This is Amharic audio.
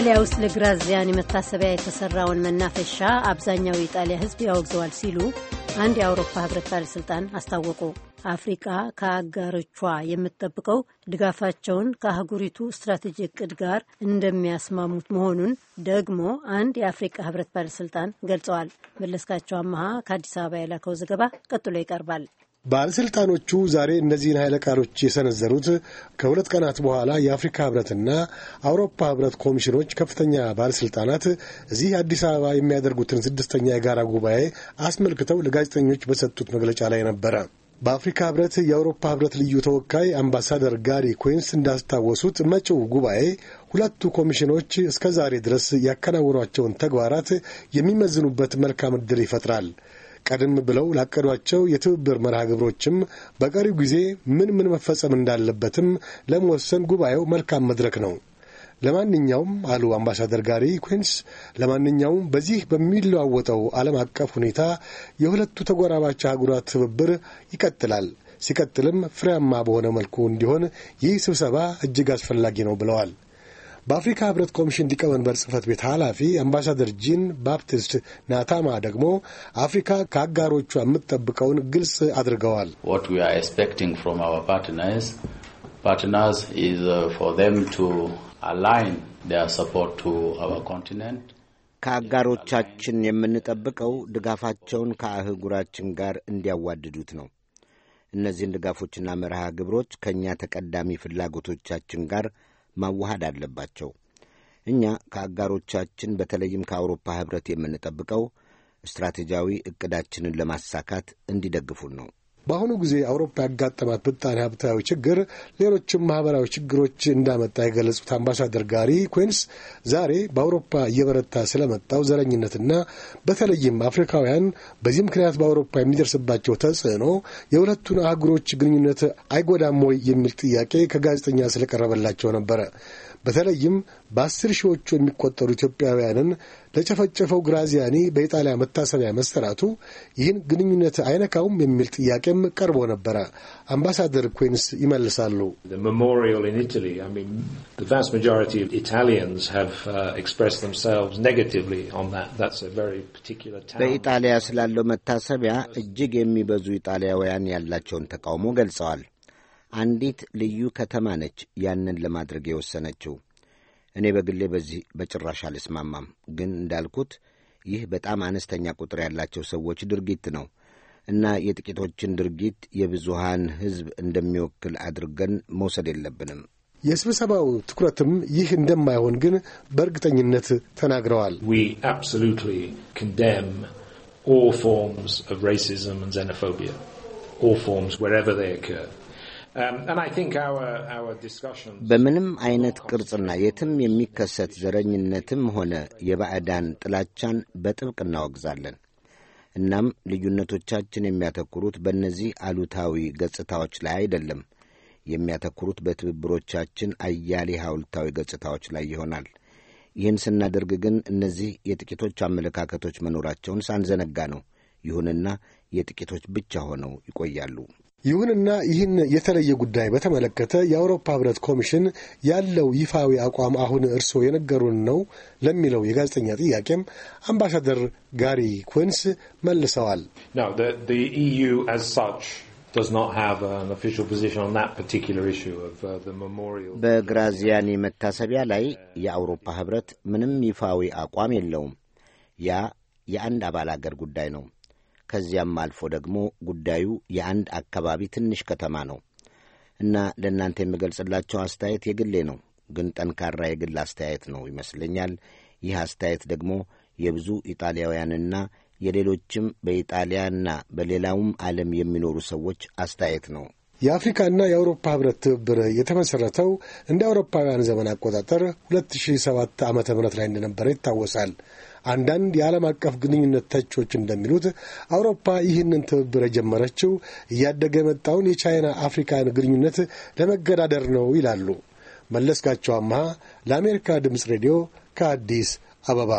ኢጣሊያ ውስጥ ለግራዚያኒ መታሰቢያ የተሰራውን መናፈሻ አብዛኛው የኢጣሊያ ሕዝብ ያወግዘዋል ሲሉ አንድ የአውሮፓ ሕብረት ባለሥልጣን አስታወቁ። አፍሪቃ ከአጋሮቿ የምትጠብቀው ድጋፋቸውን ከአህጉሪቱ ስትራቴጂ እቅድ ጋር እንደሚያስማሙት መሆኑን ደግሞ አንድ የአፍሪቃ ሕብረት ባለሥልጣን ገልጸዋል። መለስካቸው አመሃ ከአዲስ አበባ የላከው ዘገባ ቀጥሎ ይቀርባል። ባለሥልጣኖቹ ዛሬ እነዚህን ኃይለ ቃሎች የሰነዘሩት ከሁለት ቀናት በኋላ የአፍሪካ ኅብረትና አውሮፓ ህብረት ኮሚሽኖች ከፍተኛ ባለሥልጣናት እዚህ አዲስ አበባ የሚያደርጉትን ስድስተኛ የጋራ ጉባኤ አስመልክተው ለጋዜጠኞች በሰጡት መግለጫ ላይ ነበረ። በአፍሪካ ህብረት የአውሮፓ ህብረት ልዩ ተወካይ አምባሳደር ጋሪ ኩዊንስ እንዳስታወሱት መጪው ጉባኤ ሁለቱ ኮሚሽኖች እስከ ዛሬ ድረስ ያከናወኗቸውን ተግባራት የሚመዝኑበት መልካም ዕድል ይፈጥራል። ቀደም ብለው ላቀዷቸው የትብብር መርሃ ግብሮችም በቀሪው ጊዜ ምን ምን መፈጸም እንዳለበትም ለመወሰን ጉባኤው መልካም መድረክ ነው። ለማንኛውም አሉ አምባሳደር ጋሪ ኩንስ፣ ለማንኛውም በዚህ በሚለዋወጠው ዓለም አቀፍ ሁኔታ የሁለቱ ተጎራባች አህጉራት ትብብር ይቀጥላል። ሲቀጥልም ፍሬያማ በሆነ መልኩ እንዲሆን ይህ ስብሰባ እጅግ አስፈላጊ ነው ብለዋል። በአፍሪካ ህብረት ኮሚሽን ሊቀመንበር ጽህፈት ቤት ኃላፊ አምባሳደር ጂን ባፕቲስት ናታማ ደግሞ አፍሪካ ከአጋሮቿ የምትጠብቀውን ግልጽ አድርገዋል። uh, ከአጋሮቻችን የምንጠብቀው ድጋፋቸውን ከአህጉራችን ጋር እንዲያዋድዱት ነው። እነዚህን ድጋፎችና መርሃ ግብሮች ከእኛ ተቀዳሚ ፍላጎቶቻችን ጋር ማዋሃድ አለባቸው። እኛ ከአጋሮቻችን በተለይም ከአውሮፓ ኅብረት የምንጠብቀው ስትራቴጂያዊ ዕቅዳችንን ለማሳካት እንዲደግፉን ነው። በአሁኑ ጊዜ አውሮፓ ያጋጠማት ምጣኔ ሀብታዊ ችግር ሌሎችም ማህበራዊ ችግሮች እንዳመጣ የገለጹት አምባሳደር ጋሪ ኩንስ ዛሬ በአውሮፓ እየበረታ ስለመጣው ዘረኝነትና በተለይም አፍሪካውያን በዚህ ምክንያት በአውሮፓ የሚደርስባቸው ተጽዕኖ የሁለቱን አህጉሮች ግንኙነት አይጎዳም ወይ የሚል ጥያቄ ከጋዜጠኛ ስለቀረበላቸው ነበረ። በተለይም በአስር ሺዎቹ የሚቆጠሩ ኢትዮጵያውያንን ለጨፈጨፈው ግራዚያኒ በኢጣሊያ መታሰቢያ መሰራቱ ይህን ግንኙነት አይነካውም የሚል ጥያቄም ቀርቦ ነበረ። አምባሳደር ኩንስ ይመልሳሉ። uh, በኢጣሊያ ስላለው መታሰቢያ እጅግ የሚበዙ ኢጣሊያውያን ያላቸውን ተቃውሞ ገልጸዋል። አንዲት ልዩ ከተማ ነች ያንን ለማድረግ የወሰነችው። እኔ በግሌ በዚህ በጭራሽ አልስማማም። ግን እንዳልኩት ይህ በጣም አነስተኛ ቁጥር ያላቸው ሰዎች ድርጊት ነው እና የጥቂቶችን ድርጊት የብዙሃን ሕዝብ እንደሚወክል አድርገን መውሰድ የለብንም። የስብሰባው ትኩረትም ይህ እንደማይሆን ግን በእርግጠኝነት ተናግረዋል። Um, በምንም አይነት ቅርጽና የትም የሚከሰት ዘረኝነትም ሆነ የባዕዳን ጥላቻን በጥብቅ እናወግዛለን። እናም ልዩነቶቻችን የሚያተኩሩት በእነዚህ አሉታዊ ገጽታዎች ላይ አይደለም። የሚያተኩሩት በትብብሮቻችን አያሌ ሀውልታዊ ገጽታዎች ላይ ይሆናል። ይህን ስናደርግ ግን እነዚህ የጥቂቶች አመለካከቶች መኖራቸውን ሳንዘነጋ ነው። ይሁንና የጥቂቶች ብቻ ሆነው ይቆያሉ። ይሁንና ይህን የተለየ ጉዳይ በተመለከተ የአውሮፓ ህብረት ኮሚሽን ያለው ይፋዊ አቋም አሁን እርስዎ የነገሩን ነው ለሚለው የጋዜጠኛ ጥያቄም አምባሳደር ጋሪ ኩንስ መልሰዋል። e uh, በግራዚያኒ መታሰቢያ ላይ የአውሮፓ ህብረት ምንም ይፋዊ አቋም የለውም። ያ የአንድ አባል አገር ጉዳይ ነው። ከዚያም አልፎ ደግሞ ጉዳዩ የአንድ አካባቢ ትንሽ ከተማ ነው እና ለእናንተ የምገልጽላቸው አስተያየት የግሌ ነው፣ ግን ጠንካራ የግል አስተያየት ነው ይመስለኛል። ይህ አስተያየት ደግሞ የብዙ ኢጣሊያውያንና የሌሎችም በኢጣሊያና በሌላውም ዓለም የሚኖሩ ሰዎች አስተያየት ነው። የአፍሪካና የአውሮፓ ህብረት ትብብር የተመሠረተው እንደ አውሮፓውያን ዘመን አቆጣጠር 2007 ዓ ም ላይ እንደነበረ ይታወሳል። አንዳንድ የዓለም አቀፍ ግንኙነት ተቾች እንደሚሉት አውሮፓ ይህንን ትብብር የጀመረችው እያደገ የመጣውን የቻይና አፍሪካን ግንኙነት ለመገዳደር ነው ይላሉ። መለስካቸው አምሃ ለአሜሪካ ድምፅ ሬዲዮ ከአዲስ አበባ